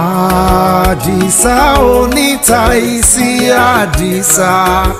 àdìsá oníta isi Adisa. àdìsá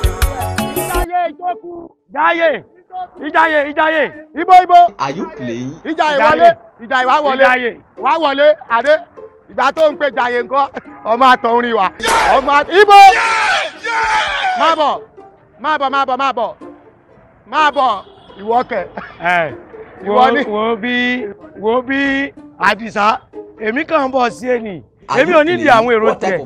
èmi kàn ń bọ̀ sí ẹni èmi ò nídìí àwọn èrò tiẹ̀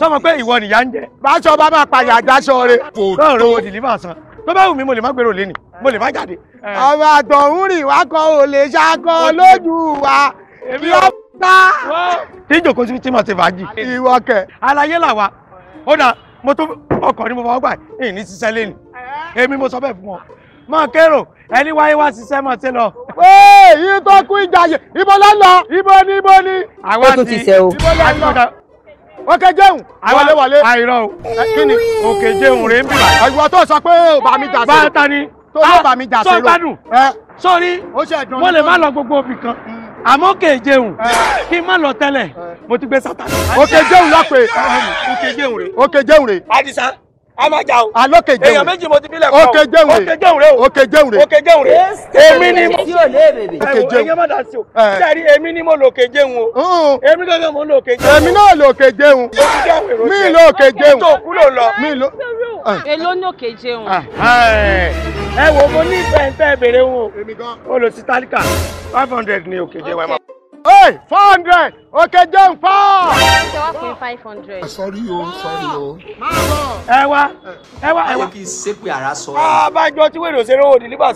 sọmọ pé ìwọ nìyà ń jẹ. báṣọ bá máa pàyà àdáṣọ rẹ. náà rẹ wo dìlífà san tó bá wù mí mo lè má gbèrò lé ni mo lè má jáde. Eh. ọmọ àtọ̀hún rìn wá kọ ò lè ṣakọ lójú wa kí ó bá. tí ìjòkó sí tí mo ti fàájì. ìwọ kẹ. alayé làwa ó dà mo tó ọkọ ni mo fọwọ́ gbà ẹ̀ ní sísẹ́ lé ni eh? èmi mo sọ bẹ́ẹ̀ fún ọ. mọ̀ kérò ẹni wáyé wá sísẹ́ mọ̀ sí lọ èyí tó kú ìjàyè ibo ló lọ ibo ni ibo ni. àwọn ti ibo ló lọ òkè jẹun wọlé wọlé àìrọ o kí ni òkè jẹun rèé ń bì. àyùwọ tó sọ pé ò bá mi jà sí. bá a ta ni tó ló ah, bá mi jà sí lò. sọ gbádùn sórí mo lè má lọ gbogbo òbí kan mm. àmọ́ kè jẹun kí n má lọ tẹ́lẹ̀ mo ti gbé sátani. òkè jẹun lọ pé òkè jẹun rèé. òkè jẹun rèé. àdìsá a máa jà o. alókè jẹun èèyàn méjì mo ti bílẹ̀ kọ́ òkè jẹun rè òkè jẹun rè òkè jẹun rè òkè jẹun rè èmi ni mo òkè jẹun ẹ̀yẹ́ má dà sí o sẹ́ẹ̀rí èmi ni mo lò òkè jẹun o èmi gángan mo lò òkè jẹun. èmi náà lò òkè jẹun mi lò òkè ah. jẹun tó kúrò lọ. èló ní òkè jẹun. ẹ wo mo ní ìfẹ́ ń tẹ́ bèrè wọn o olùsítálíkà five hundred ni òkè jẹun ẹ máa. Hey, four hundred. Okay, John, four. Ṣé wàá pín five hundred? Ah, sọ́rí o, sọ́rí o. Máa bọ̀. Ẹ wá, ẹ wá, ẹ wá. Ayé kì í ṣépè ara sọ. Abájọ ah, tí wèrè òṣèré ò dìlíbà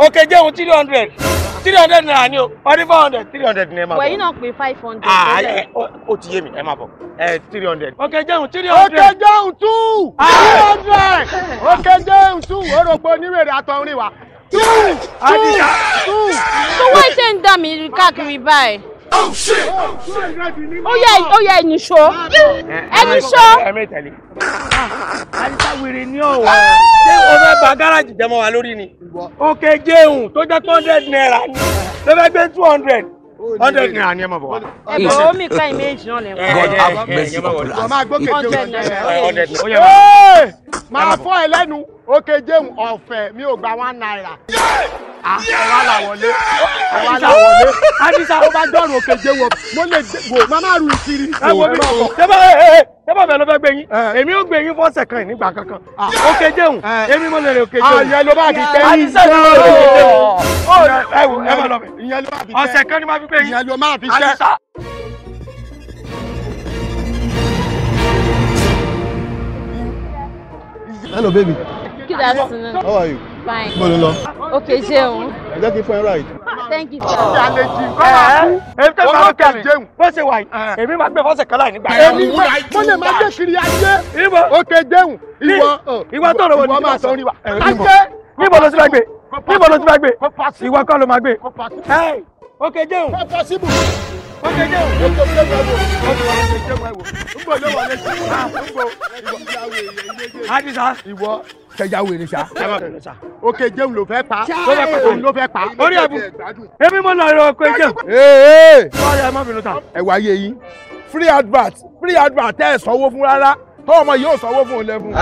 Okay, John, three hundred. Three hundred naira ni o. Ọdún four hundred, three hundred ni ẹ máa bọ̀. Wẹ̀yìn náà pín five hundred. Ah, ẹ o ti yé mi, ẹ máa bọ̀. Ẹ three hundred. Okay, John, three hundred. Okay, John, two. Ah. Three hundred. Okay, John, two. Orogbo oníwèrè àtọ̀ orin wa so why ṣe ń dà mí káàkiri báyìí. Oh yẹ oh yeah, ẹni ṣó ẹni show? àdìsá wèrè ni ọ̀ wá ṣé o fẹ́ ba gáràjì jẹ́ mọ́ wa lórí ni. òkè jéhùn tó jẹ́ two hundred naira ni ló fẹ́ gbé two hundred hundred naira ni ẹ ma bọ wa. ẹ bọ omi ka ìmẹ̀jì náà lẹ. god have mercy upon us. hundred naira máa fọ́ ẹ lẹ́nu òkè jéun ọ̀fẹ́ mi ò gba one naira. ẹ̀wá ah, là wọlé ẹ̀wá là wọlé àdìsá ó bá dọ̀rùn òkè jéun mo lè wò má má ru ìkiri. ẹ̀wọ̀n mi tẹ́bà tẹ́bà bẹ́ẹ̀ ló fẹ́ gbé yín eh. èmi ó gbé yín fọ́sẹ̀ kan nígbà kankan òkè ah. jéun eh. èmi mo lè rìn òkè jéun. àyẹ̀ ah, ló bá di tẹ́ àdìsá ló bá di tẹ́ oh. ẹ̀wọ̀n ẹ̀wọ̀n lọ bẹ̀ ọ̀sẹ̀ kan ni má fi gbé àdìsá. hello baby. good afternoon. how are you. fine. Okay, Is that Thank you. Come mo ló lọ. okay jẹun. ẹ jẹ́ kí n fún ẹ ride. thank you. ọ̀sẹ̀ àlejò ẹ̀ ẹ̀ tẹ́ bá ọkẹ́ àjẹun. bó ṣe wà yìí ah. èmi máa gbé fọ́sẹ̀ kọ́lá nígbà yẹn. èmi mo lè máa gbé kiri ayé. ìwọ òkè jẹun. ìwọ ìwọ tó rọ wọn ní ìwọ sọ níbo ló ti máa gbé níbo ló ti máa gbé ìwọ kọ́ ló máa gbé òkè jẹun. wọ́n fọ́ síbù. òkè jẹun. ó tó fẹ́ wẹ̀ wò. ó tó fẹ́ jẹ́ wẹ̀ wò. ngbọ̀ yóò wọlé sí i. ngbọ̀ ìwọ adi sa. ìwọ tẹja wèrè sa. òkè jẹun ló fẹ́ pa. ló fẹ́ pa ló fẹ́ pa. orí ẹ̀bù èmi mo lọ rẹ òkè jẹun. sọ́ọ́rì ẹ̀ má bínú ta. ẹ wá yé yín free advert free advert tẹ́ ẹ̀ sanwó fún rárá tọ́ ọmọ yóò sanwó fún olè fún.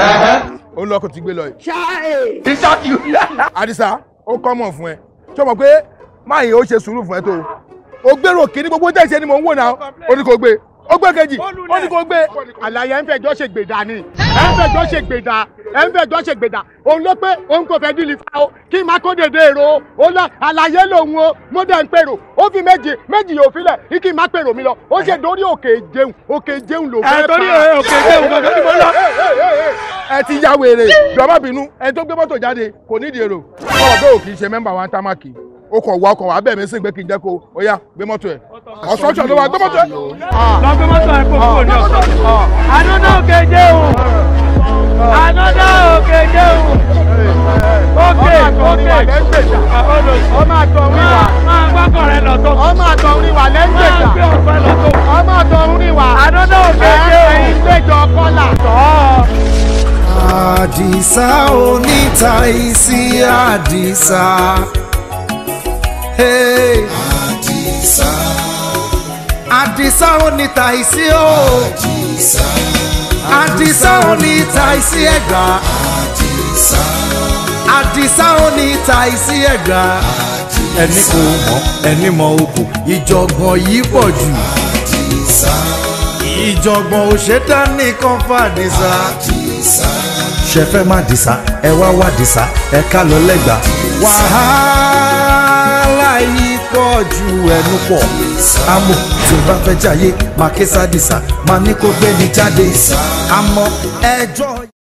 ó lọ kò ti gbé lọ yìí. ṣáà ẹ̀. ìṣàkì. adisa ó kọ́ mọ̀ fún ẹ tí o mọ̀ pé máa yẹn ó ṣe sùúrù fún ẹ tó o gbèrò kíní gbogbo tẹ̀sí ẹni mò ń wò náà ó ní kò gbé ó gbé kejì ó ní kò gbé. àlàyé ẹ̀ ń fẹjọ́ ṣe gbèdà ni ẹ̀ ń fẹjọ́ ṣe gbèdà ẹ̀ ń fẹjọ́ ṣe gbèdà òun ló pé òun kò fẹ́ dìlì fa o kí má kó dèdè èrò o lọ àlàyé lòun o mo dẹ̀ ń pèrò ó fi méjì méjì yóò filẹ̀ kí má pèrò mi lọ ó ṣe dórí òkè jẹun òkè jẹun ló fẹ́ pa. ẹ torí òkè jẹun kankan ni mo lọ. ẹ ti ya wèrè jọba bínú ẹ tó gbé mọ́tò jáde kò nídìí èrò ọ̀rọ̀ bẹ́ẹ̀ ò kì í ṣe mẹ́mbà wa ń támákì o kàn wá o kàn wá bẹ́ẹ̀ mi sí pé kí n jẹ́ kó o yá gbé mọ́tò ẹ̀ ọ̀sọ́ọ̀sọ̀ ló wà gbé mọ́tò ẹ̀. Ah. lọ gbé mọ́tò ẹ̀ kó kúrò ní ọ̀sán. ànádà òkè jẹ́ o ànádà òkè jẹ́ o òkè òkè ọmọ àtọ̀ wíwà máa gbọ́kàn rẹ lọ ọmọ àtọ̀ wíwà lẹ́gbẹ̀ta ọmọ àtọ̀ wíwà ànádà òkè jẹ́ o ẹ̀yin gbẹ̀jọ kọ́là. àdìsá oníta ìsí àdìsá àdìsá àdìsá ò ní tàìsí o àdìsá àdìsá ò ní tàìsí ẹ̀gbá àdìsá àdìsá ò ní tàìsí ẹ̀gbá ẹni kò mọ̀ ẹni mọ̀ okùn ìjọ̀gbọ̀n yìí pọ̀ jù àdìsá ìjọ̀gbọ̀n nìkan fàdìsá ṣẹfẹ má dìsá ẹ wá wá dìsá ẹ ká lọ lẹ́gbàá wàhálà pọ̀ ju ẹnu pọ̀ àmọ́ tí o bá fẹ́ jayé máa ké sádìsà ní kó gbé mi jáde àmọ́ ẹjọ́.